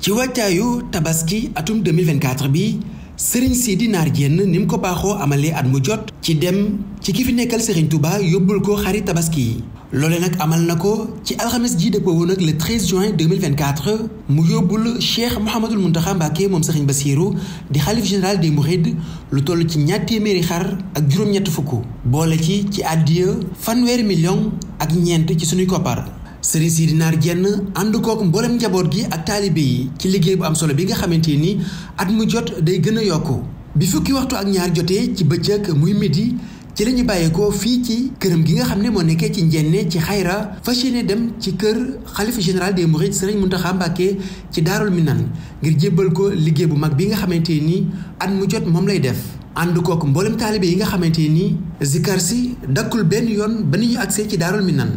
ci wàccaayu tabaski atum 2024 bi sëriñ si dinar Diène ni mu ko baaxoo amalee at mu jot ci dem ci ki fi nekkal sëriñ Touba yóbbul ko xari tabaski yi loole nag amal na ko ci alxames ji dëppoo woon ak le 13 juin 2024 mu yóbbul Cheikh Mouhamadul Mountakha Mbacké moom ba Bassirou di xalif général des Mourides lu toll ci ñaar téeméeri xar ak juróom-ñett fukk boole ci ci àddiya fanweeri million ak ñeent ci sunuy koppar sëriñ si naar jenn ànd kook mboolem njaboot gi ak taalibe yi ci liggéey bu am solo bi nga xamante ni at mu jot day gën a yokk bi fukki waxtu ak ñaar jotee ci bëccëg muy midi ci la ñu bàyyeekoo fii ci këram gi nga xam ne moo nekkee ci njenne ci xayra fas yéene dem ci kër xalifa général des mourides sëriñ Muntaxa Mbàkke ci daarul minan ngir jébbal ko liggéey bu mag bi nga xamante ni at mu jot moom lay def ànd kook mboolem taalibe yi nga xamante ni zikar si dakkul benn yoon ba ñu agsee ci daarul minan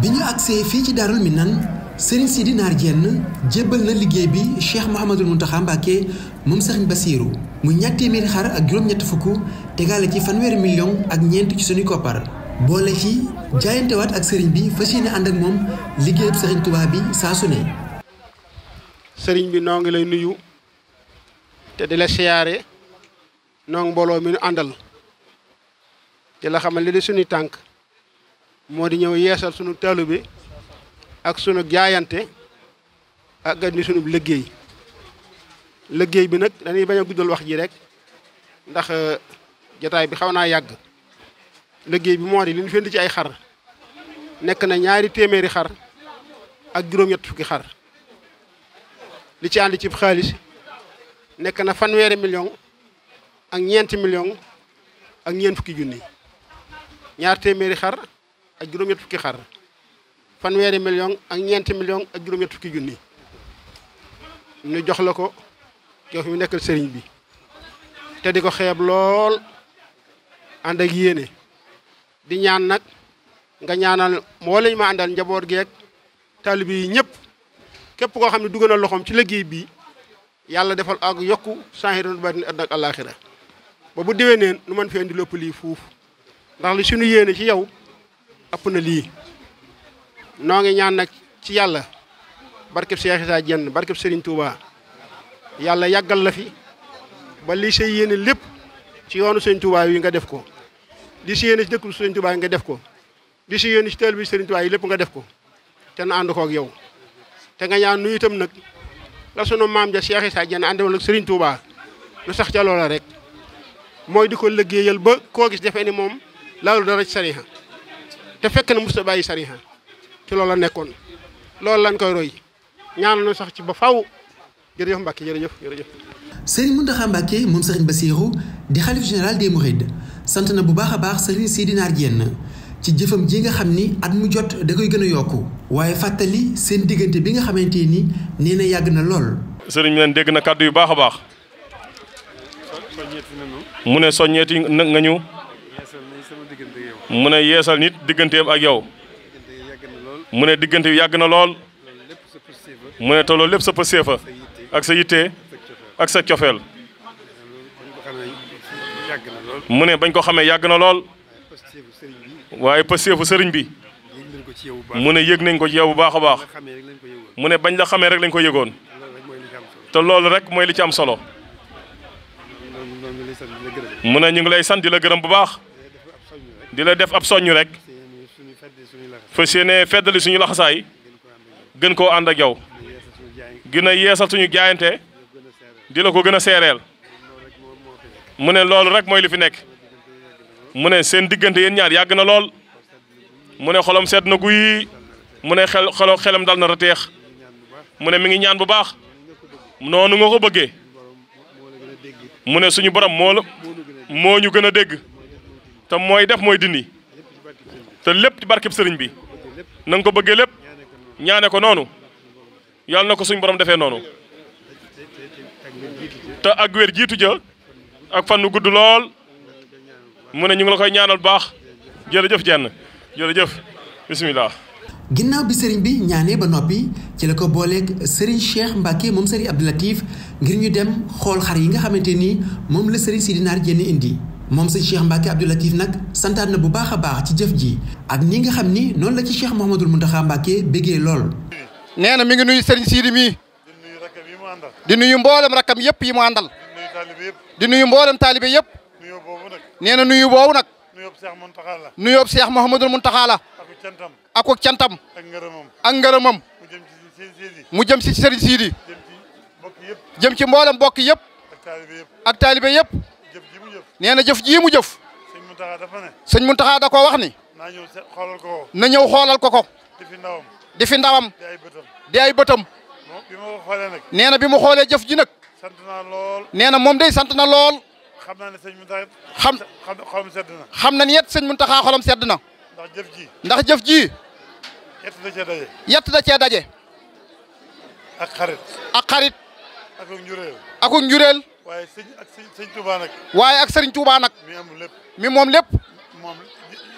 bi ñu agsee fii ci Daarul Minan Serigne Sidi Naar jenn jébbal na liggéey bi Cheikh Mouhamadul Mountakha Mbacké moom Serigne Bassirou mu ñaar téeméeri ñett fukk tegaale ci fanweeri million ak ñeent ci suñu koppar boole ci jaayantewaat ak sëriñ bi fas yéene ànd ak moom liggéeyub Serigne Touba bi saa su sëriñ bi noo ngi lay nuyu te di la siyaare. noog mbooloo mi nu àndal di la xamal li di suñuy tànk moo di ñëw yeesal sunu taalu bi ak sunu jaayante ak andi sunu liggéey liggéey bi nag dañuy bañ a guddal wax ji rek ndax euh, jataay bi xaw naa yàgg liggéey bi moo di li ñu fend ci ay xar nekk na ñaari téeméeri xar ak juróom-ñett fukki xar li ci ànd ci xaalis nekk na fanweeri million ak ñeenti million ak ñeent fukki junni ñaar téeméeri xar ak juróom-ñett fukki xar fanweeri million ak ñeenti million ak juróom-ñett fukki junni ñu jox la ko yow fi mu nekkal sëriñ bi te di ko xeeb lool ànd ak yéene di ñaan nag nga ñaanal moo lañ ma àndal njaboot geeg taalibe yi ñëpp képp koo xam ne dugg na loxoom ci liggéey bi yàlla defal ak yokku saahiran baatin àddina ak àllaaxira ba bu déwénee nu man fee indi lépp lii fuuf ndax li suñu yéene ci yow ëpp na lii noo ngi ñaan nag ci yàlla barkeb Cheikh Issa Diène barkeb Serigne Touba yàlla yàggal la fi ba li say yéene lépp ci yoonu Serigne Touba yi nga def ko li si yéene ci dëkku Serigne Touba nga def ko li si yéene ci teel bi Serigne Touba yi lépp nga def ko te na ànd kook yow te nga ñaan nu itam nag la sunu maam ja Cheikh Issa Diène àndewoon ak Serigne Touba lu sax ca loola rek mooy di ko liggéeyal ba koo gis defee ni moom laalu dara ci sariha te fekk na musta bàyyi sariha ci loolu la nekkoon loolu lañ koy roy ñaanu na sax ci ba faw jërëjëf Mbacke jërëjëf jërëjëf. Serigne Mountakha Mbacke moom Serigne Bassirou di xalif général mu Mourides sant na bu baax a baax Serigne Sidi Naar Diène ci jëfam ji nga xam ni at mu jot da koy gën a yokku waaye fàttali seen diggante bi nga xamante ni nee na yàgg na lool. Serigne leen dégg na kàddu yu baax a baax. mu ne soññeeti nag nga ñu mu ne yeesal nit digganteem ak yow mu ne diggante bi yàgg na lool mu ne te loolu lépp sa pëseefa ak sa yitte ak sa cofeel mu ne bañ ko xamee yàgg na lool waaye pëseefu sëriñ bi mu ne yëg nañ ko ci yow bu baax a baax mu ne bañ la xamee rek lañ ko yëgoon te loolu rek mooy li ci am solo mu ne ñu ngi lay san di la gërëm bu baax di la def ab soññu rek fas yéene feddali suñu laxasaay gën koo ànd ak yow gën a yeesal suñu jaayante di la ko gën a seereel mu ne loolu rek mooy li fi nekk mu ne seen diggante yéen ñaar yàgg na lool mu ne xolom sedd na guy mu ne xel xelo xelam dal na rateex mu ne mi ngi ñaan bu baax noonu nga ko bëggee mu ne suñu borom moo la moo ñu gën a dégg te mooy def mooy dindi te lépp ci barkeb sëriñ bi na ko bëggee lépp ñaane ko noonu yàlla na ko suñ borom defee noonu te ak wér jiitu ja ak fan gudd lool mu ne ñu ngi la koy ñaanal baax jërëjëf jenn jërëjëf bisimilah. ginnaaw bi sëriñ bi ñaanee ba noppi ci la ko booleeg sëriñ Cheikh Mbacke moom sëriñ Abdou Latif ngir ñu dem xool xar yi nga xamante ni moom la sëriñ Sidi Naar Diène indi moom sëriñ Cheikh Mbacke Abdou Latif nag santaat bu baax a baax ci jëf ji ak ni nga xam ni noonu la ci Cheikh Mouhamadul Mountakha Mbacke béggee lool. nee na mi ngi nuyu sëriñ Sidi mii. di nuyu mboolem rakkam yëpp yi mu àndal. di nuyu mboolem taalibe yëpp. nee na nuyu boobu nag. nuyoob Cheikh Mouhamadul Mountakha la. ak ak cantam ak ngërëmam ak ngërëmam mu jëm si sëriñ Sidi jëm ci mboolem bokk yëpp ak taalibe yëpp nee na jëf ji mu jëf sëñ Muntaxa da ko wax ni na ñëw xoolal ko ko di fi ndawam di ay bëtam nee na bi mu xoolee jëf ji nag nee na moom day sant na lool xam xam xam na ni yet sëñ taxa xolam sedd na ndax jëf ji. ndax jëf ji. yett da cee daje. yett da cee daje. ak xarit. ak xarit. ak njureel. ak waaye sëñ ak sëñ Touba nag. waaye ak sëriñ Touba nag. mi am lépp. mi moom lépp. moom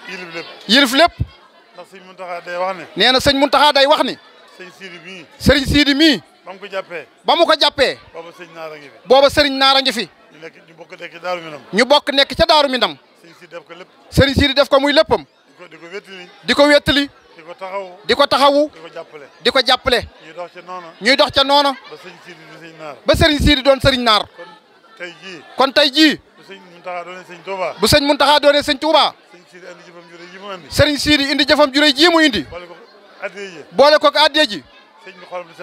yilif lépp. yilif lépp. ndax sëñ Mountakha day wax ne. nee na sëñ Mountakha day wax ni. sëñ Sidi mii. sëriñ Sidi mii. ba mu ko jàppee. ba mu ko jàppee. booba sëriñ Naara ngi fi. sëriñ Naara ngi fi. ñu nekk ñu bokk nekk ca ñu bokk nekk ca Daaru Minam. sëriñ Sidi def ko lépp. sëriñ Sidi def ko muy léppam. ko di ko wétali. di ko wétali. di ko taxawu. di ko taxawu. di ko jàppale. di ko jàppale. ñuy dox ca noona. ñuy dox ca ba Serigne Sidi doon Serigne Naar. ba Serigne Sidi kon tey jii. kon tey jii. bu Serigne Mountakha doonee Serigne Touba. bu Serigne Mountakha doonee Serigne Touba. Serigne Sidi indi jëfam jure ji mu indi. boole ko addee ji. boole ko addee ji. sëñ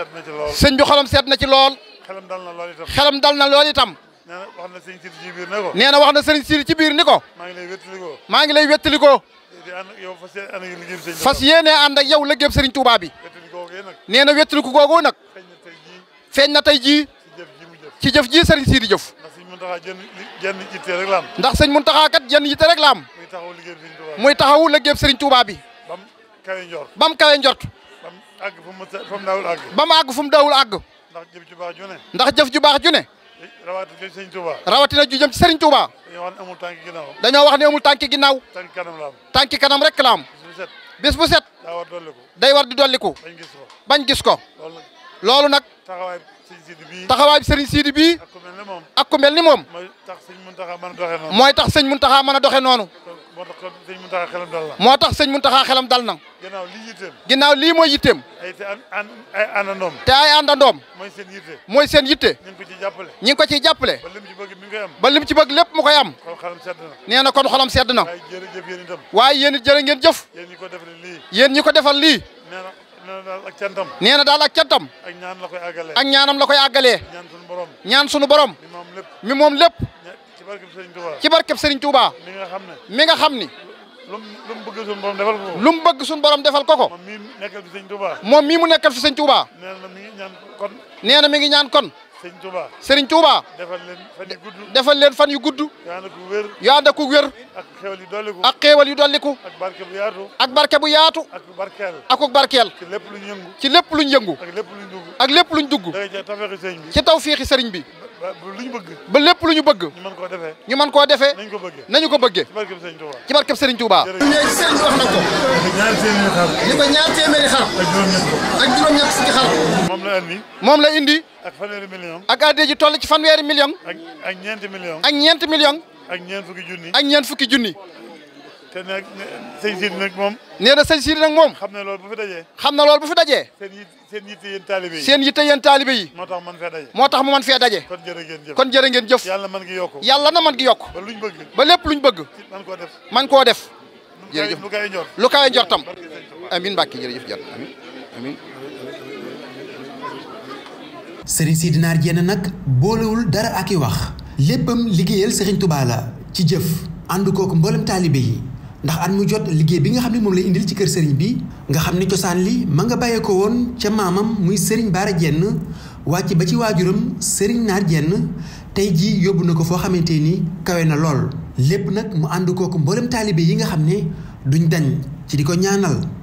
bi na ci lool. sëñ bi na ci lool. xelam dal na lool itam. na lool na wax na Serigne Sidi ci nee na wax na Serigne ci biir ni ko. maa ngi lay wétali maa ngi lay wétali ko. fas yéene ànd ak yow liggéeyam Serigne Touba bi nee na wétali ko googu nag feeñ na tey jii ci jëf ji Serigne Sidi jëf. ndax sëñ Mountakha kat jenn yitte rek la am. muy taxawu liggéeyam Serigne Touba bi. bam kawe njort bam kawe njort. bam àgg fu mu daawul àgg. bam àgg fu mu daawul àgg. ndax jëf ju baax ju ne. ndax jëf ju baax ju ne. rawatina Sëriñ Touba. rawatina ju jëm ci Sëriñ Touba. dañoo wax ne amul tànki ginnaaw. dañoo wax ne amul tànki ginnaaw. tànki kanam la am. tànki kanam rek la am. bis bu set. daa day war di dolliku. bañ gis ko. bañ gis ko. loolu nag. taxawaay bi Sëriñ Sidi bii. ak ku mel ni moom. ak ku mel ni moom. mooy tax Sëriñ Mountakha mën a doxee mooy tax Sëriñ Mountakha mën a doxee noonu. moo tax sëñ Mountakha xelam dal na. moo tax sëñ Mountakha xelam dal na. ginnaaw lii yitteem. ginnaaw lii mooy yitteem. ay te an ay àndandoom. te ay àndandoom. mooy seen yitte. mooy seen yitte. ñu ngi ko ciy jàppale. ñu ngi ko ciy jàppale. ba lim ci bëgg mi ngi koy am. ba lim ci bëgg lépp mu koy am. kon xolam sedd na. nee na kon xolam sedd na. waaye jërëjëf yéen itam. waaye yéen it jërë ngeen jëf. yéen ñi ko defal lii. yéen ñi ko defal lii. nee na daal ak cantam. nee na daal ak cantam. ak ñaanam la koy àggalee. ñaan sunu borom. ñaan sunu borom. mi moom lépp. ci barkeb Serigne Touba. mi nga xam ne mi nga xam ni. lu mu bëgg suñu borom defal ko lu mu bëgg suñu borom defal ko ko. moom mii mu nekkal fi Serigne Touba. moom mii mu nekkal fi Serigne Touba. nee na mi ngi ñaan kon. nee na mi ngi ñaan kon. Serigne Touba. Serigne defal leen fan yu gudd. defal leen fan yu gudd. yu ànd ak wér. yu ànd ak wér. ak xéewal yu dolliku. ak xéewal yu dolliku. ak barke bu yaatu. ak barke bu yaatu. ak barkeel. ak barkeel. ci lépp luñ yëngu. ci lépp luñ yëngu. ak lépp luñ ak lépp luñ dugg. ci tawféexi Serigne bi. ba lu ñu bëgg. ba lépp lu ñu bëgg. ñu mën koo defee. ñu man koo defee. nañu ko bëggee ko bëggee. ci barkeb Serigne Touba ci barkeb Serigne Touba. léegi Serigne wax na ko. li ko ñaar téeméeri xar. ak juróom-ñett fukki xar. moom la indi. moom la indi. ak fanweeri million. ak adde toll ci fanweeri million. ak ak ñeenti million. ak ñeenti million. ak ñeent fukki junni. ak ñeent fukki junni. te nag sëñ Sidi nag moom. nee na sëñ Sidi nag moom. xam na loolu bu fi dajee. xam na loolu bu fi dajee. seen yi seen yitte seen yitte yéen taalibe yi. moo moo tax mu man fee daje. kon jërë ngeen jëf kon jërë ngeen jëf. yàlla na mën gi yokku na mën gi yokku. ba luñ bëgg. ba lépp luñ bëgg. man koo def man koo def. jërëjëf lu kawe njor lu kawe njor tam. amiin Mbàkke jërëjëf jot amiin amiin. Serigne Sidy Nar Diène nag boolewul dara ak i wax léppam liggéeyal Serigne Touba la ci jëf ànd kooku mboolem taalibe yi ndax at mu jot liggéey bi nga xam ne moom lay indil ci kër sëriñ bi nga xam ne cosaan li ma nga bàyyee woon ca maamam muy sëriñ Baara Jenn wàcc ba ci waajuram sëriñ Naar Jenn tey jii yóbbu na ko foo xamante ni kawe na lool lépp nag mu ànd kooku mboolem taalibe yi nga xam ne duñ dañ ci di ko ñaanal